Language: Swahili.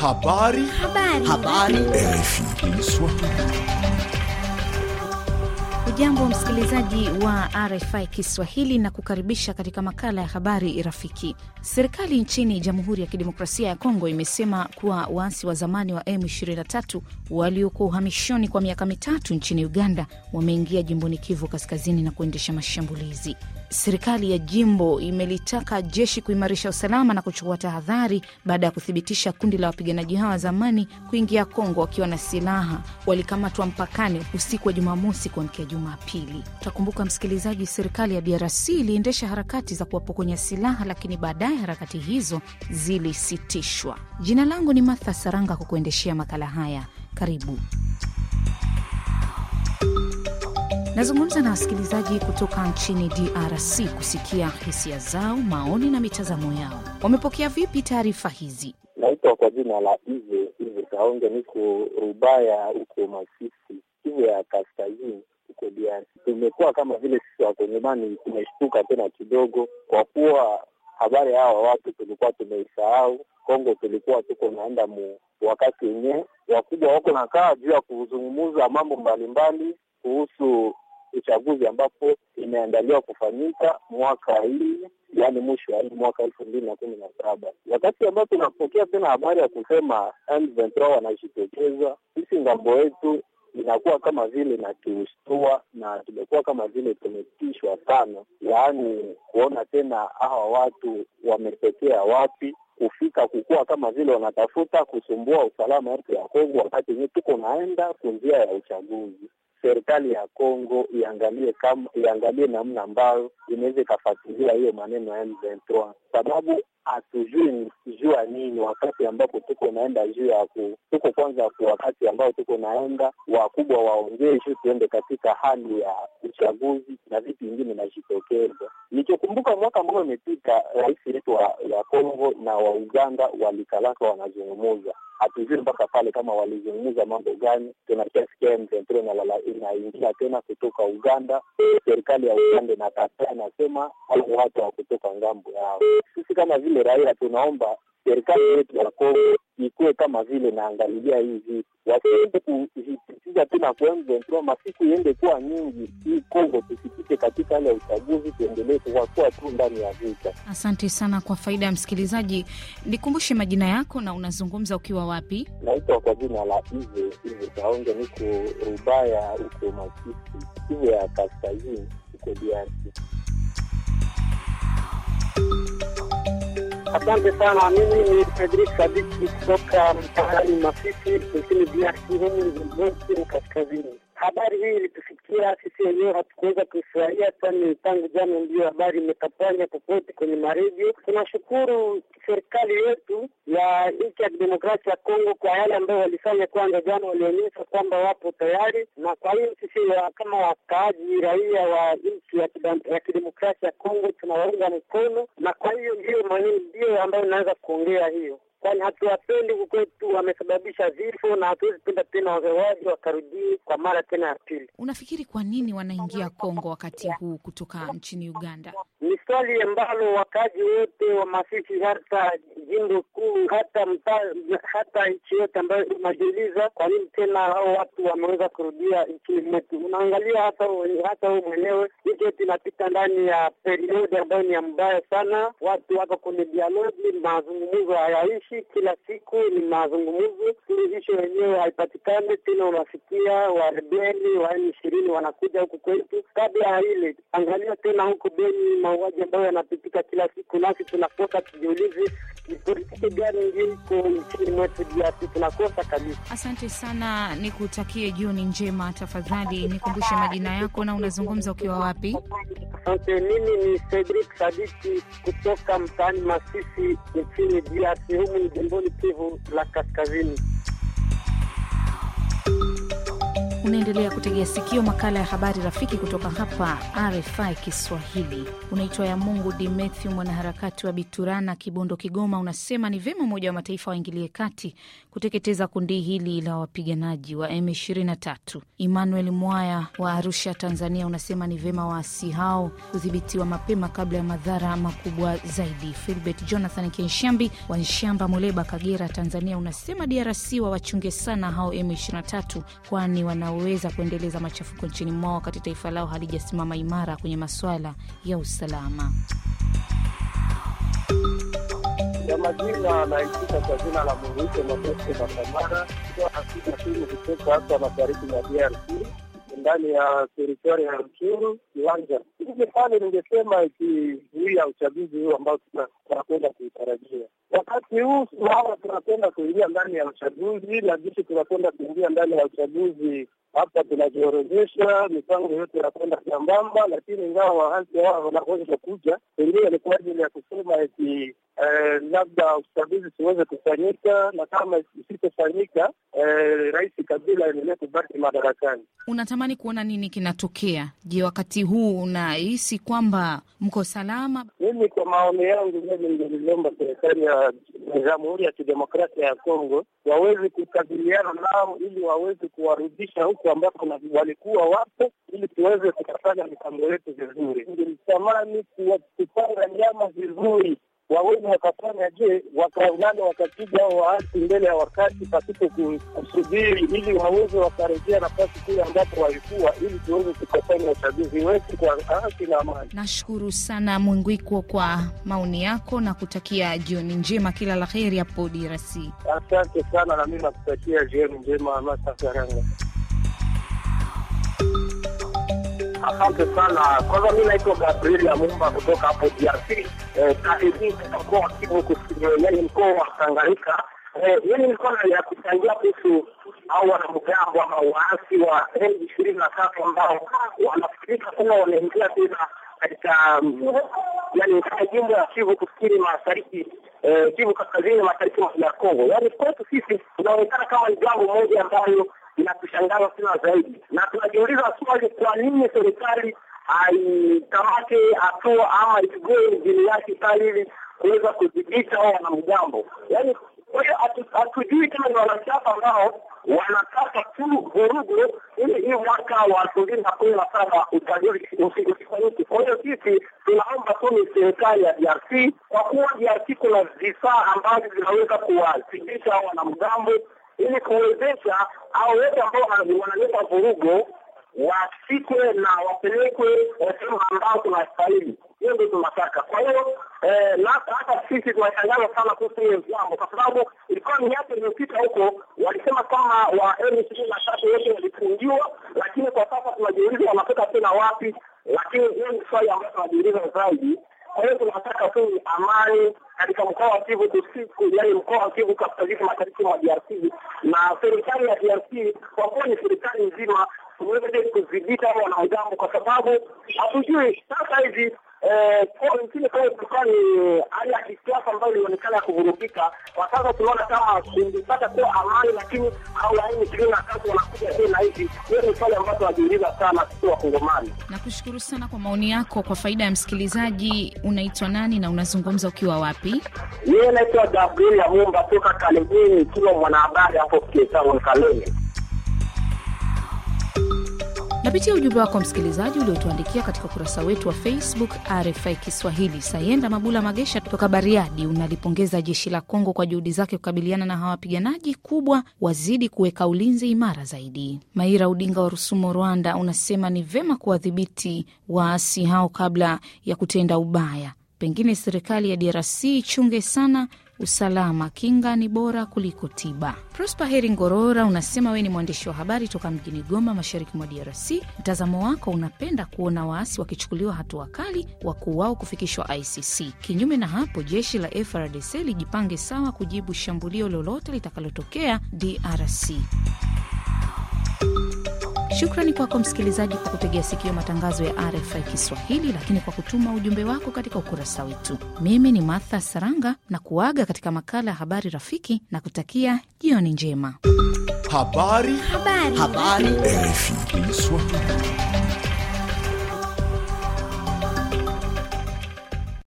Habari. Habari. Habari. RFI msikilizaji wa RFI Kiswahili na kukaribisha katika makala ya habari rafiki. Serikali nchini Jamhuri ya Kidemokrasia ya Kongo imesema kuwa waasi wa zamani wa M23 waliokuwa uhamishoni kwa miaka mitatu nchini Uganda wameingia jimboni Kivu Kaskazini na kuendesha mashambulizi serikali ya jimbo imelitaka jeshi kuimarisha usalama na kuchukua tahadhari baada ya kuthibitisha kundi la wapiganaji hao wa zamani kuingia Kongo wakiwa na silaha. Walikamatwa mpakani usiku wa Jumamosi kuamkia Jumapili. Utakumbuka msikilizaji, serikali ya DRC iliendesha harakati za kuwapokonya silaha, lakini baadaye harakati hizo zilisitishwa. Jina langu ni Martha Saranga kukuendeshea makala haya. Karibu. Nazungumza na wasikilizaji kutoka nchini DRC kusikia hisia zao, maoni na mitazamo yao. Wamepokea vipi taarifa hizi? Naitwa kwa jina la Ive Ive Kaonge, niko Rubaya huko Masisi, Kivu ya Kaskazini huko DRC. Tumekuwa kama vile sisi wakongomani tumeshtuka tena kidogo, kwa kuwa habari hawa watu tulikuwa tumeisahau. Kongo tulikuwa tuko naenda mu wakati wenyewe wakubwa wako nakaa juu ya kuzungumuza mambo mbalimbali kuhusu uchaguzi ambapo imeandaliwa kufanyika mwaka hii yaani mwisho wa hii mwaka elfu mbili na kumi na saba wakati ambapo tunapokea tena habari ya kusema M23 wanajitokeza, sisi ngambo yetu inakuwa kama vile inatushtua na tumekuwa kama vile tumetishwa sana, yaani kuona tena hawa watu wametokea wapi kufika kukuwa kama vile wanatafuta kusumbua usalama wetu ya Kongo, wakati yenyewe tuko naenda kunjia ya uchaguzi serikali ya Kongo iangalie kama iangalie namna ambayo inaweza ikafatilia hiyo maneno ya M23, sababu hatujui jua nini wakati ambapo tuko naenda juu ya ku tuko kwanza, ku wakati ambao tuko naenda, wakubwa waongee juu tuende katika hali ya uchaguzi na vitu vingine najitokeza. Nikikumbuka mwaka ambao imepita, rais yetu wa ya Kongo na wa Uganda walikalaka wanazungumuza hatujui mpaka pale kama walizungumza mambo gani. Tunashasikia inaingia tena kutoka Uganda. Serikali ya Uganda inakataa, inasema hao watu wa kutoka ngambo yao. Sisi kama vile raia tunaomba serikali yetu ya Kongo ikuwe kama vile naangalilia hivi, wasiende kujipitiza tu na kuenventua masiku iende kuwa nyingi. Hii Kongo tusipite katika hali ya uchaguzi, tuendelee kuwakuwa tu ndani ya vita. Asante sana. Kwa faida ya msikilizaji, nikumbushe majina yako na unazungumza ukiwa wapi? Naitwa kwa jina la Ive Ive Kaonge, niko Rubaya huko Masisi, Ive ya kaskazini uko DRC. Asante sana. Mimi ni Fredrik Sadiki kutoka mtaani Masisi nchini DRC, humu Lubumbashi kaskazini. Habari hii ilitufikia sisi wenyewe, hatukuweza kuifurahia, kwani tangu jana ndiyo habari imetapanya popote kwenye maredio. Tunashukuru serikali yetu ya nchi ya kidemokrasia ya Kongo kwa yale ambayo walifanya. Kwanza jana walionyesha kwamba wapo tayari, na kwa hiyo sisi kama wakaaji raia wa nchi ya kidemokrasia ya Kongo tunawaunga mkono, na kwa hiyo ndiyo maneno ndiyo ambayo inaweza kuongea hiyo kwani hatuwapendi kwetu, wamesababisha vifo na hatuwezi penda tena wawewaji wakarudii kwa mara tena ya pili. Unafikiri kwa nini wanaingia Kongo wakati huu kutoka nchini Uganda? Ni swali ambalo wakaji wote wa Masisi, hata jimbo kuu, hata mtaa, hata nchi yote ambayo unajiuliza kwa nini tena hao watu wameweza kurudia nchini mwetu. Unaangalia hata hata mwenyewe, nchi yetu inapita ndani ya periodi ambayo ni ya mbaya sana. Watu wako kwenye dialogi, mazungumzo hayaishi, kila siku ni mazungumzo, suluhisho wenyewe haipatikani tena. Unasikia warebeli wa M ishirini wanakuja huku kwetu. Kabla ya ile, angalia tena huko Beni mauaji ambayo yanapitika kila siku, nasi tunakosa tujiulizi ni politiki gani ndio iko nchini mwetu DRC, tunakosa kabisa. Asante sana, nikutakie jioni njema. Tafadhali nikumbushe majina yako na unazungumza ukiwa wapi? Asante, mimi ni Cedric Sadiki kutoka mtaani Masisi nchini DRC, humu ni jimboni Kivu la Kaskazini. Unaendelea kutegea sikio makala ya habari rafiki kutoka hapa RFI Kiswahili. Unaitwa ya Mungu Dimethiu, mwanaharakati wa Biturana, Kibondo, Kigoma, unasema ni vyema Umoja wa Mataifa waingilie kati kuteketeza kundi hili la wapiganaji wa M23. Emmanuel Mwaya wa Arusha, Tanzania, unasema ni vyema waasi hao kudhibitiwa mapema kabla ya madhara makubwa zaidi. Filbert Jonathan Kenshambi wa Nshamba, Muleba, Kagera, Tanzania, unasema DRC wawachunge sana hao M23 kwani wana wanaoweza kuendeleza machafuko nchini mwao wakati taifa lao halijasimama imara kwenye masuala ya usalama. Kwa majina anaitika kwa jina la Muruike Maese Makamara, ikiwa hasika timu kutoka hapa mashariki mwa DRC ndani ya teritori ya Ruchuru kiwanja ile pale, ningesema ikizuia uchaguzi huu ambao tunakwenda kuutarajia wakati huu. Suala tunakwenda kuingia ndani ya uchaguzi, na jinsi tunakwenda kuingia ndani ya uchaguzi hapa tunajiorozesha mipango yote inakwenda sambamba, lakini ingawa waasi hao wanaweza kuja, pengine ni kwa ajili ya kusema eti eh, labda uchaguzi siweze kufanyika, na kama isipofanyika eh, Rais Kabila aendelee kubaki madarakani. Unatamani kuona nini kinatokea? Je, wakati huu unahisi kwamba mko salama? Mimi kwa maoni yangu, mimi ningeliomba serikali ya Jamhuri ya Kidemokrasia ya Kongo waweze kukabiliana nao ili waweze kuwarudisha huku ambapo walikuwa wapo, ili tuweze kukafanya mipango yetu vizuri. Ningelitamani kupanga nyama vizuri waweze wakafanya je, wakaulala wakapiga au waasi mbele ya wakati pasipo kusubiri, ili waweze wakarejea nafasi kule ambapo walikuwa, ili tuweze tukafanya uchaguzi wetu kwa haki na amani. Nashukuru sana Mwingwiko kwa maoni yako na kutakia jioni njema, kila la heri hapo DRC. Asante sana, na nakutakia jioni njema Amasa Asante sana. Kwanza mi naitwa Gabriel Amumba kutoka hapo DRC mkoa yani mkoa wa Tanganyika. Mimi eh, nilikuwa ya kuchangia kuhusu au wanamgambo ama waasi wa M ishirini na tatu ambao wanafikirika kuwa wanaingia tena katika mm, yani katika jimbo ya Kivu Kusini Mashariki, eh, Kivu Kaskazini Mashariki ya Kongo. Yani kwetu sisi inaonekana kama ni jambo moja ambayo na kushangaza zaidi, na tunajiuliza swali, kwa nini serikali haikamate hatua ama ichukue jini yake kali hivi kuweza kudhibita hao wanamgambo. Yaani kwa hiyo hatujui kama ni wanasiasa ambao wanataka tu vurugu ili hii mwaka wa elfu mbili na kumi na saba uchaguzi usifanyike. Kwa hiyo sisi tunaomba tu ni serikali ya DRC, kwa kuwa DRC kuna vifaa ambavyo vinaweza kuwadhibita wanamgambo ili kuwezesha au wote ambao wanaleta vurugo wasikwe na wapelekwe sehemu ambao tunastahili. Hiyo ndio tunataka. Kwa hiyo eh, hata sisi tunashangaza sana kuhusu hiyo jambo, kwa sababu ilikuwa miaka iliyopita huko walisema kama wa M ishirini na tatu wote walifungiwa, lakini kwa sasa tunajiuliza wanatoka tena wapi? Lakini hiyo ni swali ambayo tunajiuliza zaidi. Kwa hiyo tunataka tu amani katika mkoa wa Kivu Kusini, yaani mkoa wa Kivu Kaskazini, mashariki mwa DRC na serikali ya DRC kwa kuwa ni serikali nzima uweze kudhibiti hao kwa sababu hatujui sasa hivi Eh, nchini Kongo kulikuwa ni eh, hali ya kisiasa ambayo ilionekana ya kuvurugika. Kwa sasa tunaona kama kulipata kuwa amani, lakini au laini ishirini wanakuja tena hivi. Hiyo ni swali ambayo tunajiuliza sana sisi Wakongomani. Nakushukuru sana kwa maoni yako. Kwa faida ya msikilizaji, unaitwa nani na unazungumza ukiwa wapi? Yeye naitwa Gabriel Yamumba toka Kalemie, nikiwa mwanahabari hapo Kiesa Kalemi kupitia ujumbe wako msikilizaji uliotuandikia katika ukurasa wetu wa Facebook RFI Kiswahili. Sayenda Mabula Magesha toka Bariadi unalipongeza jeshi la Kongo kwa juhudi zake kukabiliana na hawa wapiganaji kubwa, wazidi kuweka ulinzi imara zaidi. Maira Udinga wa Rusumo, Rwanda, unasema ni vema kuwadhibiti waasi hao kabla ya kutenda ubaya. Pengine serikali ya DRC ichunge sana usalama, kinga ni bora kuliko tiba. Prosper Heri Ngorora unasema wewe ni mwandishi wa habari toka mjini Goma, mashariki mwa DRC. Mtazamo wako unapenda kuona waasi wakichukuliwa hatua kali, wakuu wao kufikishwa ICC. Kinyume na hapo, jeshi la FRDC lijipange sawa kujibu shambulio lolote litakalotokea DRC. Shukrani kwako msikilizaji kwa kutegea sikio matangazo ya RFI Kiswahili, lakini kwa kutuma ujumbe wako katika ukurasa wetu. Mimi ni Martha Saranga na kuaga katika makala ya Habari Rafiki na kutakia jioni njema. Habari. Habari. Habari. Habari.